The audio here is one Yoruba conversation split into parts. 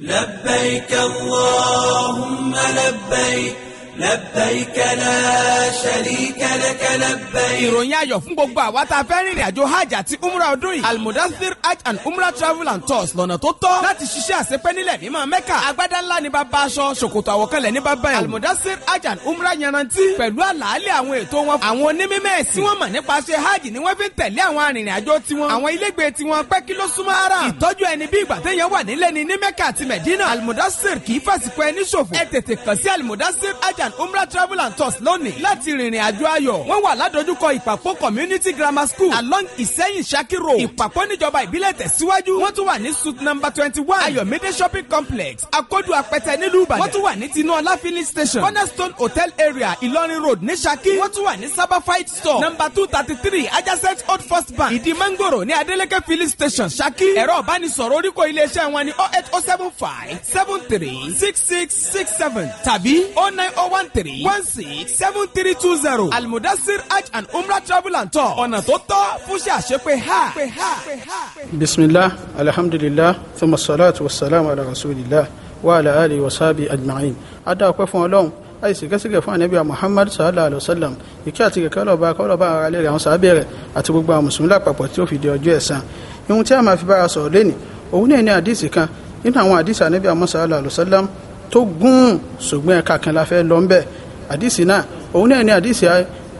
لبيك اللهم لبيك لبيك لا شريك لك ìròyìn ayọ̀ fún gbogbo àwa tá a fẹ́ rìnrìn àjò hajj àti umrah ọdún yìí almudathir hajj and umrah travel and tours lọ́nà tó tọ́ láti ṣiṣẹ́ àṣepẹ́ mímọ́ mẹ́kà agbádá ńlá ní bàbá aṣọ ṣòkòtò àwọ̀kẹ́lẹ̀ ní bàbá ẹ̀wù almudathir hajj and umrah yanrantí pẹ̀lú àlàálẹ̀ àwọn ètò wọn àwọn onímímẹ́ẹ̀sì wọn mọ̀ nípa ṣe hajj ni wọ́n fi tẹ̀lé àwọn arìnrìn àjò tiwọn àwọn and umrah travel and tours lónìí láti rìnrìn àjò ayọ̀. wọ́n wà ládojúkọ ìpàpọ̀ community grammar school along ìsẹ́yìn Ṣakí road ìpàpọ̀ níjọba ìbílẹ̀ tẹ̀síwájú. wọ́n tún wà ní suit number twenty one ayọ̀mídé shopping complex akódù apẹtẹ nílùú ìbàdàn. wọ́n tún wà ní tinú ọlá filling station cornerstone hotel area ìlọrin road ní Ṣakí. wọ́n tún wà ní sabafite store number two thirty three adjacent old first bank ìdí mangoro ní adeleke filling station Ṣakí. ẹ̀rọ ìbánisọ̀rọ̀ oríkò iléeṣẹ́ wọn ni oh eight oh seven five seven three six six six seven tàbí oh nine oh one one three one six seven three two zero almudasir hajj and umrah travel and tour ọ̀nà tó tọ́ fún ṣe àṣepé ha. bisimilah alhamdulilah thumma salatu wa salam ala rasulillah wa ala alihi wa sahbihi ajma'in adá ọpẹ́ fún Ọlọ́run ayi sigasige fún anabi muhammad sallallahu alaihi wa sallam ìkẹ́ àti kẹ̀kẹ́ lọ́ba kọ́lọ́ba ara lẹ́rẹ̀ àwọn sábẹ́ rẹ̀ àti gbogbo àwọn mùsùlùmí lápapọ̀ tí ó fi di ọjọ́ ẹ̀san ihun tí a máa fi bára sọ̀rọ̀ lẹ́nìí òun náà ní àdìsí kan nínú àwọn àdìsí anabi muhammad sallallahu alaihi wa sallam tó gún ṣùgbọ́n ẹ̀ka kan la fẹ́ lọ ńbẹ̀ àdìsí náà òun náà ni àdìsí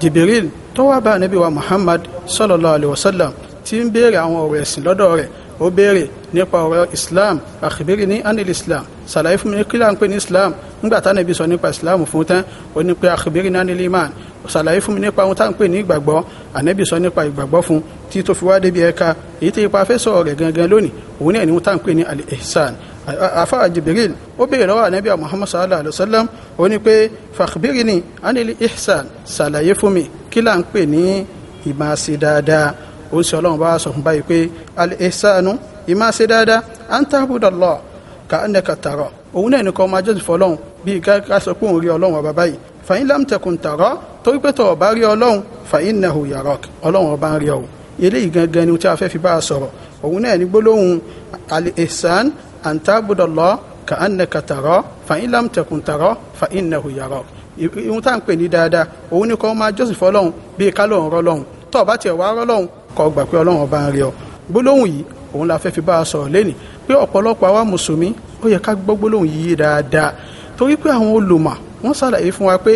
Jibril tó wá bá ànábì wa Muhammad sallallahu alayhi wa sallam tí ń béèrè àwọn ọ̀rọ̀ ẹ̀sìn lọ́dọ̀ rẹ̀ ó béèrè nípa ọ̀rọ̀ islam àkìbírí ní anil islam ṣàlàyé fún mi ní kílà ń pè ní islam nígbà tá nàbí sọ nípa islam fún tán ó ní pé àkìbírí ní anil iman ṣàlàyé fún mi nípa ohun tá ń pè ní ìgbàgbọ́ ànábì sọ nípa ìgbàgbọ́ fún tí tó fi wá débi ẹ̀ka èyí tí ipa fẹ́ sọ̀rọ̀ gangan lónìí òun náà ni ohun tá ń pè ní al afa jibril ó béèrè lọ́wọ́ anabi muhammad sallallahu alayhi wa sallam ó ní pé fakhbirni anil ihsan ṣàlàyé fún mi kí là ń pè ní ìmáa ṣe dáadáa ó ń sọ ọlọ́run bá sọ fún báyìí pé al ihsanu ìmáa ṣe dáadáa an ta'budallah ka'annaka tara òun náà nìkan máa jọ́sìn fọlọ́run bíi ká sọ pé òun rí ọlọ́run ọba báyìí fa in lam torí pé tọ̀ ọba rí ọlọ́run fa innahu yarak ọlọ́run ọba ń rí ọ eléyìí gangan ni tí a fẹ́ fi bá a sọ̀rọ̀ òun náà ní gbólóhùn al ihsan an ta'budu Allah ka annaka tara fa in lam takun fa innahu yara ìhun tá à ń pè ní dáadáa òun ni kò máa jọ́sìn fọlọ́hún bíi ká lóun rọlọ́hún tó o bá tiẹ̀ wá rọlọ́hún kó gbà pé ọlọ́run ọba ń rí ọ gbólóhùn yìí òun la fẹ́ fi bá a sọ̀rọ̀ lẹ́nìí pé ọ̀pọ̀lọpọ̀ àwa mùsùlùmí ó yẹ ká gbọ́ gbólóhùn yìí dáadáa torí pé àwọn olùmọ̀ wọ́n ṣàlàyé fún wa pé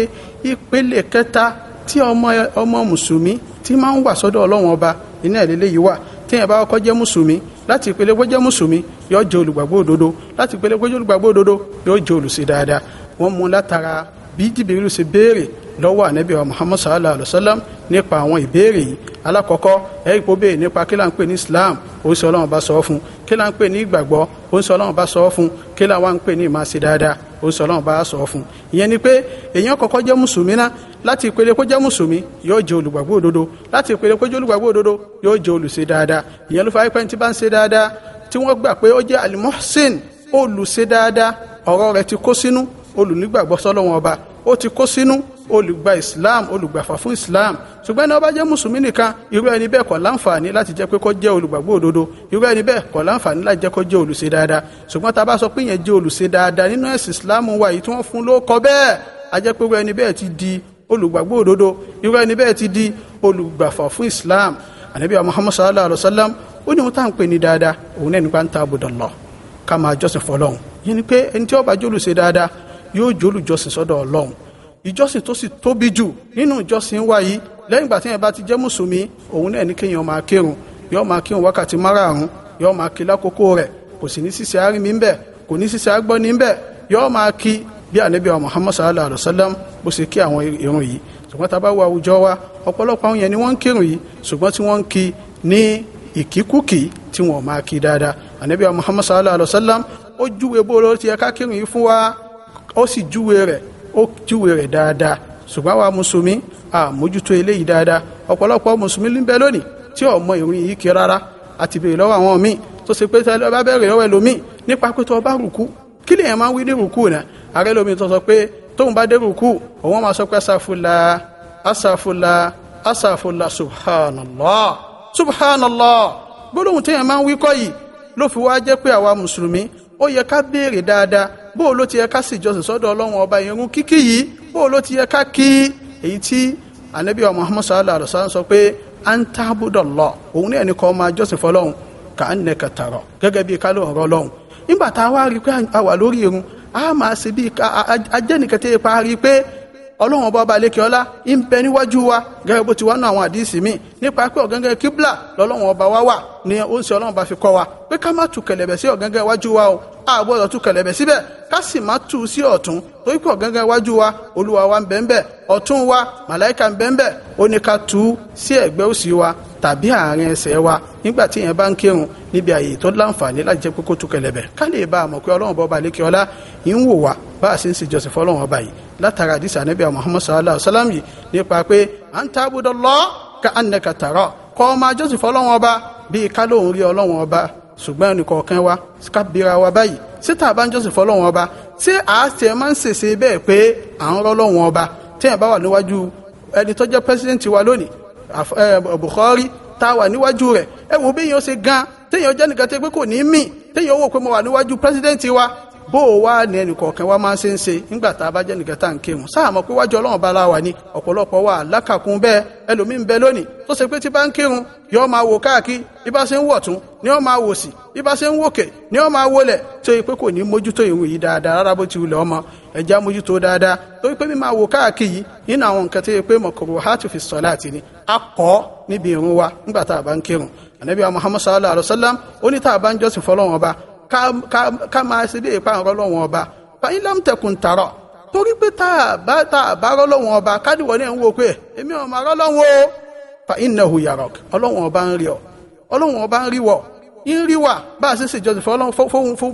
ìpele kẹta tí ọmọ ọmọ mùsùlùmí ti máa ń wà sọ́dọ̀ ọlọ́run ọba ìní ẹ̀lẹ́lẹ́yìí wà téèyàn bá kọ́ jẹ́ mùsùlùmí láti ìpele kó jẹ́ mùsùlùmí yóò jẹ́ olùgbàgbọ́ òdodo láti ìpele kó jẹ́ olùgbàgbọ́ òdodo yóò jẹ́ olùsí dáadáa wọ́n mú látara bí jìbìrì ṣe béèrè lọ́wọ́ ànábì wa sallallahu alayhi wa sallam nípa àwọn ìbéèrè yìí alákọ̀ọ́kọ́ ẹ̀rí pò bẹ́ẹ̀ nípa kí là ń pè ní islam ó sọ ọlọ́run bá sọ ọ́ fún kí là ń pè ní ìgbàgbọ́ ó sọ ọlọ́run bá sọ ọ́ fún kí là wà ń pè ní ìmọ̀ àṣẹ dáadáa ó sọ ọlọ́run bá sọ ọ́ fún ìyẹn ni pé èèyàn kọ́kọ́ jẹ́ mùsùlùmí ná láti ìpele kó jẹ́ mùsùlùmí yóò jẹ́ olùgbàgbọ́ òdodo láti ìpele kó jẹ́ olùgbàgbọ́ òdodo yóò jẹ́ olùṣe dáadáa ìyẹn ló fà olùgbà islam olùgbàfà fún islam ṣùgbọ́n ẹni ó bá jẹ́ mùsùlùmí nìkan irú ẹni bẹ́ẹ̀ kò láǹfààní láti jẹ́ pé kó jẹ́ olùgbàgbọ́ òdodo irú ẹni bẹ́ẹ̀ kò láǹfààní láti jẹ́ kó jẹ́ olùṣe dáadáa ṣùgbọ́n tá a bá sọ pé ìyẹn jẹ́ olùṣe dáadáa nínú ẹ̀sìn islam wa yìí tí wọ́n fún lóko bẹ́ẹ̀ a jẹ́ pé irú ẹni bẹ́ẹ̀ ti di olùgbàgbọ́ òdodo irú ẹni bẹ́ẹ̀ ti di islam ànábì wa sallam ó ní wọn tá à ń pè ní dáadáa òun náà nípa ń ta àbùdàn lọ ká máa jọ́sìn fọlọ́hún yẹn ni pé ìjọsìn tó sì tóbi jù nínú ìjọsìn wa yìí lẹ́yìn ìgbà tí yẹn bá ti jẹ́ mùsùlùmí òun náà ní kéèyàn máa kírun yóò máa kírun wákàtí márààrún yóò máa kí lákòókò rẹ̀ kò sì ní ṣíṣe arìnrìn ń bẹ̀ kò ní ṣíṣe agbọ́ni ń bẹ̀ yóò máa kí bí ànábì wa muhammad sallallahu alayhi wa sallam bó ṣe kí àwọn irun yìí ṣùgbọ́n tá a bá wo àwùjọ wa ọ̀pọ̀lọpọ̀ àwọn yẹn ni wọ́n ń kírun yìí ṣùgbọ́n tí wọ́n ń kí ní ìkíkúkì tí wọ́n máa kí dáadáa ànábì wa muhammad sallallahu alayhi wa sallam ó júwe bó ló ti yẹ ká kírun yìí fún wa ó sì júwe rẹ̀ ó júwe rẹ̀ dáadáa ṣùgbọ́n àwa mùsùlùmí àmójútó eléyìí dáadáa ọ̀pọ̀lọpọ̀ mùsùlùmí ló ń bẹ lónìí tí ò mọ ìrun yìí kí rárá àti béèrè lọ́wọ́ àwọn míì tó ṣe pé tẹ́lẹ̀ ọba bẹ̀rẹ̀ lọ́wọ́ ẹlòmíì nípa pé tó ọba rùkú kí lè yẹn máa wí ní rùkú náà ààrẹ lómi tó sọ pé tóun bá dé rùkú òun máa sọ pé asàfùlà asàfùlà asàfùlà subhanallah subhanallah gbólóhùn téèyàn máa ń wí kọ́ yìí ló fi wá jẹ́ pé àwa mùsùlùmí ó yẹ ká béèrè dáadáa bó o ló ti yẹ ká ṣèjọsìn sọ́dọ̀ ọlọ́run ọba irun kíkí yìí bó o ló ti yẹ ká kí èyí tí anabi wa muhammad sallallahu alaihi wa sallam sọ pé à ń tábùdọ̀ lọ òun náà ní kọ́ máa jọ́sìn fọlọ́run kà á nẹ kẹtàrọ̀ gẹ́gẹ́ bíi ká ló ń rọ́ lọ́run nígbà tá a wá rí i pé a wà lórí irun a máa ṣe bíi ajẹ́nìkẹ́tẹ́ pa rí i pé ọlọ́run ọba ọba lékè ọlá ń bẹ níwájú wa gẹ́gẹ́ bó ti wá nù àwọn àdíìsì míì nípa pé ọ̀gángẹ́ kíbla lọ́lọ́run ọba wa wà ni ó ń ṣe ọlọ́run ọba fi kọ́ wa pé ká má tu kẹlẹ̀bẹ̀ sí ọ̀gángẹ́ iwájú wa o a gbọ́dọ̀ tu kẹlẹ̀bẹ̀ síbẹ̀ ká sì má tu sí ọ̀tún torí pé ọ̀gángẹ́ iwájú wa olúwa wa ń bẹ ńbẹ̀ ọ̀tún wa màláìka ń bẹ ńbẹ̀ ó ní ká tu sí ẹ̀gbẹ́ òsì wa tàbí àárín ẹsẹ̀ wa nígbà tí èèyàn bá ń kírun níbi àyè tó láǹfààní láti jẹ́ pé tu kẹlẹ̀bẹ̀ ká lè bá a pé ọlọ́run ọba lékè ọlá ń wò wá bá a sì ń ṣèjọsìn fọlọ́run ọba yìí látara àdìsí ànábì muhammad sallallahu alayhi sallam yìí nípa pé à ń tábùdọ̀ lọ ká ànàkà tààrọ̀ kọ́ ọmọ ajọ́sìn fọlọ́wọn ọba bíi ká lóun rí ọlọ́wọn ọba ṣùgbọ́n ẹnìkọ̀ọ̀kan wa ká bira wa báyìí síta àbájọ́sìn fọlọ́wọn ọba tí a tiẹ̀ máa ń ṣèṣe bẹ́ẹ̀ pé à ń rọ́lọ́wọn ọba téèyàn bá wà níwájú ẹni tó jẹ́ pẹ́sidẹ́ǹtì wa lónìí Bukhari tá a wà níwájú rẹ̀ ẹ wo bí èèyàn ṣe gan téèyàn jẹ́ nìkan tẹ́ pé wa bó o wá ní ẹnìkọ̀ọ̀kan wá máa ń ṣe ń ṣe nígbà tá a bá jẹ́ nìkan ń kéwọn sáà pé wájú ọlọ́run bá láwà ni ọ̀pọ̀lọpọ̀ wà lákàkún bẹ́ẹ̀ ẹlòmíín bẹ lónìí tó ṣe pé tí bá ń kéwọn yóò máa wò káàkiri bí ṣe ń ni máa wò sí ṣe ń ni mójútó ìwé yìí dáadáa rárá bó ọmọ ẹja mójútó dáadáa tó mi máa wò káàkiri nínú àwọn nǹkan tó yẹ pé mọ̀kòrò hàtù fi sọ láti ni wa nígbà tá a bá ká máa ṣe bí ìpa ọ̀rọ̀ lọ́wọ́n ọba fàyín lámtẹ̀kùn tààrọ̀ torí pé tá a bá tá a bá rọ́ lọ́wọ́n ọba kádìwọ́ ní ẹ̀ ń wo pé èmi ò máa rọ́ lọ́wọ́ o fàyín náà hù yàrá ọlọ́wọ́n ọba ń rí ọ ọlọ́wọ́n ọba ń rí wọ ń rí wà bá a ṣe ṣèjọsìn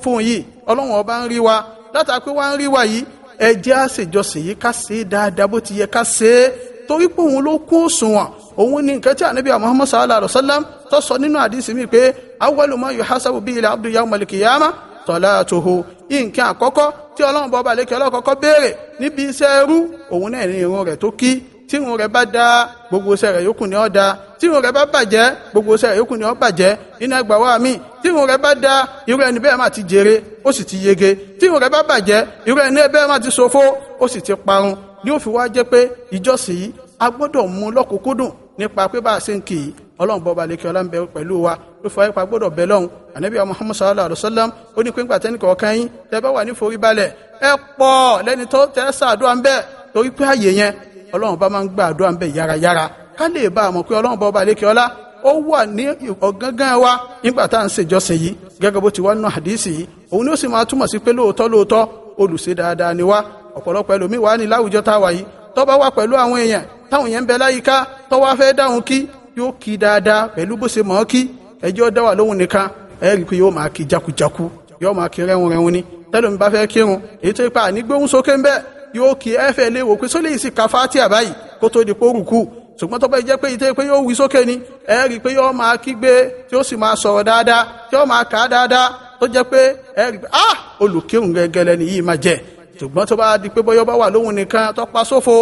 fún yìí ọlọ́wọ́n ọba ń rí wa látà pé wá ń rí wa yìí ẹ jẹ́ a ṣèjọsìn yìí ká ṣe é dáadáa bó ti yẹ ká ṣe é torí pé òun ló kún òṣùwọ̀n òun ni nǹkan tí ànábì Muhammad sallallahu alaihi wasallam tó sọ nínú àdìsí mi pé awwalu ma yuhasabu bihi al-abdu yawma al-qiyamah salatuhu nǹkan àkọ́kọ́ tí ọlọ́run bọ́ balẹ̀ kí ọlọ́run kọ́kọ́ béèrè níbi iṣẹ́ ẹrú òun náà ní irun rẹ̀ tó kí tí irun rẹ̀ bá dáa gbogbo iṣẹ́ rẹ̀ yókù ni ó dáa tí irun rẹ̀ bá bàjẹ́ gbogbo iṣẹ́ rẹ̀ yókù ni ó bàjẹ́ iná ẹgbà wá mi tí irun rẹ̀ bá dáa irú ẹni bẹ́ẹ̀ máa ti jèrè ó sì ti yege tí irun rẹ̀ bá bàjẹ́ irú ẹni bẹ́ẹ̀ máa ti ṣòfò ó sì ti parun ni ó fi wá jẹ́ pé ìjọsìn yìí a gbọ́dọ̀ mú lọ́kùnkúndùn nípa pé bá a ṣe ń kì í ọlọ́run bọ́ balẹ̀ kí ọlá bẹ pẹ̀lú wa ló fọ ipa gbọ́dọ̀ bẹ lọ́hùn ànábì muhammad sallallahu alayhi wa sallam ó ní pé ńgbà tẹ́nìkọ̀ọ̀kan yín tẹ́ bá wà ní forí balẹ̀ ẹ pọ̀ lẹ́ni tó tẹ́ sàdúrà ń bẹ̀ torí pé àyè yẹn ọlọ́run bá máa ń gba àdúrà ń bẹ̀ yárayára ká lè bá a mọ̀ pé ọlọ́run bá ọba lékè ọlá ó wà ní ọ̀gángán wa nígbà tá à ń ṣèjọsìn yìí gẹ́gẹ́ bó ti wá nù hadisi yìí òun ni ó sì máa túmọ̀ sí pé lóòótọ́ lóòótọ́ olùṣe dáadáa ni wá ọ̀pọ̀lọpọ̀ ẹlòmíì wà ní láwùjọ tá a wà yìí tó bá wà pẹ̀lú àwọn èèyàn táwọn èèyàn ń bẹ láyìíká tó wá fẹ́ dáhùn kí yóò kí dáadáa pẹ̀lú bó ṣe mọ̀ ọ́ kí ẹjọ́ dá wà lóhùn nìkan ẹ rí i pé yóò máa kí jakujaku yóò máa kí rẹ́hun rẹ́hun ni tẹ́lómi bá fẹ́ kírun èyí tó ipa ànígbóhùn sókè ń bẹ́ẹ̀ yóò kí ẹ fẹ́ léwo pé sólè ìsì ka fatia báyìí kó tó di pórùkù ṣùgbọ́n tó bá jẹ́ pé ìtẹ́ pé yóò wí sókè ni ẹ rí i pé yóò máa kígbe tí ó sì máa sọ̀rọ̀ dáadáa tí ó máa kà á dáadáa tó jẹ́ pé ẹ pé ah olùkírun gẹ́gẹ́lẹ́ ni yìí máa jẹ́ ṣùgbọ́n tó bá di pé bọ́yọ́ bá wà lóhun nìkan tó pa sófo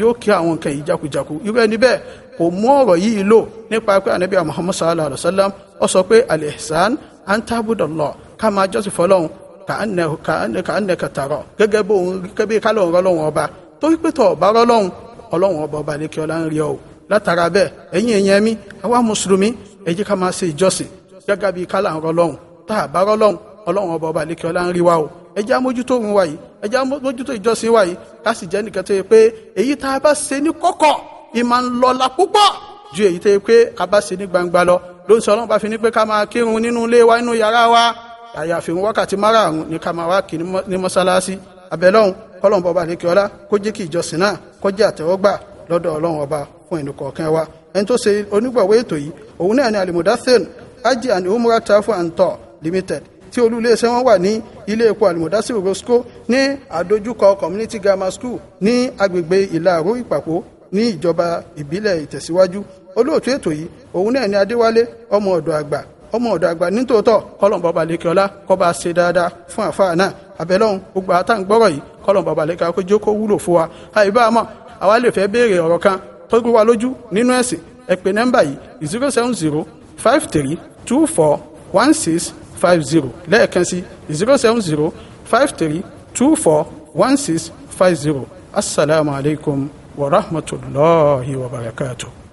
yóò kí àwọn nǹkan yìí jákujáku irú ẹni bẹ́ẹ̀ kò mú ọ̀rọ̀ yìí lò nípa pé ànábì Muhammad sallallahu alayhi wa sallam ó sọ pé al-ihsan an ta'budallah ká máa jọ́sìn fọlọ́hún ka'annaka tara gẹ́gẹ́ bó ń gẹ́gẹ́ bí kálọ̀ ń rọ́lọ́hún ọba torí pé tọ̀ ọba rọ́lọ́hún ọlọ́hún ọba ọba lè kí ọlá ń rí ọ látara bẹ́ẹ̀ ẹ̀yin èèyàn mi àwa mùsùlùmí ẹ jẹ́ ká máa ṣe ìjọ́sìn gẹ́gẹ́ bí kálọ̀ ń rọ́lọ́hún tá a bá rọ́lọ́hún ọlọ́hún ọba ọba lè kí amójútó òun wa yìí amójútó ìjọ́sìn wa ká sì jẹ́ nìkan tó yẹ pé èyí tá a bá ṣe ní kọ́kọ́ ìmọ̀ ń lọ́la púpọ̀ ju èyí tẹ́ pé a bá ṣe ní gbangba lọ ló ń sọ ọlọ́run bá fi ní pé ká máa kírun nínú ilé wa nínú yàrá wa àyàfi wákàtí márààrún ni ká máa wá kí ní mọ́sálásí abẹ́lọ́hún kọ́lọ́n bọ́ba àdékè ọlá kó jẹ́ kí ìjọsìn náà kó jẹ́ àtẹ́wọ́gbà lọ́dọ̀ ọlọ́run ọba fún ẹnì kọ̀ọ̀kan wa ẹni tó ṣe onígbàwé ètò yìí òun náà ni alimudathin aji and umra travel and tour limited tí olúléeṣẹ́ wọn wà ní ilé epo alimudathin rosco ní àdójúkọ community grammar school ní agbègbè ìlà àró ìpàpọ̀ ní ìjọba ìbílẹ̀ ìtẹ̀síwájú olóòtú ètò yìí òun náà ni adéwálé ọmọ ọ̀dọ̀ àgbà ọmọ ọ̀dọ̀ àgbà nítòótọ́ kọlọ̀ǹbọ̀ balẹ̀kẹ́ọ́lá kọba ṣe dáadáa fún àfáà náà àbẹ̀lọ́hún gbogbo àtàǹgbọ́rọ̀ yìí kó wúlò fún wa àìbá àwa lè fẹ́ kan tó gbé wa lójú nínú ẹ̀sìn yìí zero seven zero five three two four one six five zero lẹ́ẹ̀kan sí zero seven zero five three two four one six five zero ورحمة الله وبركاته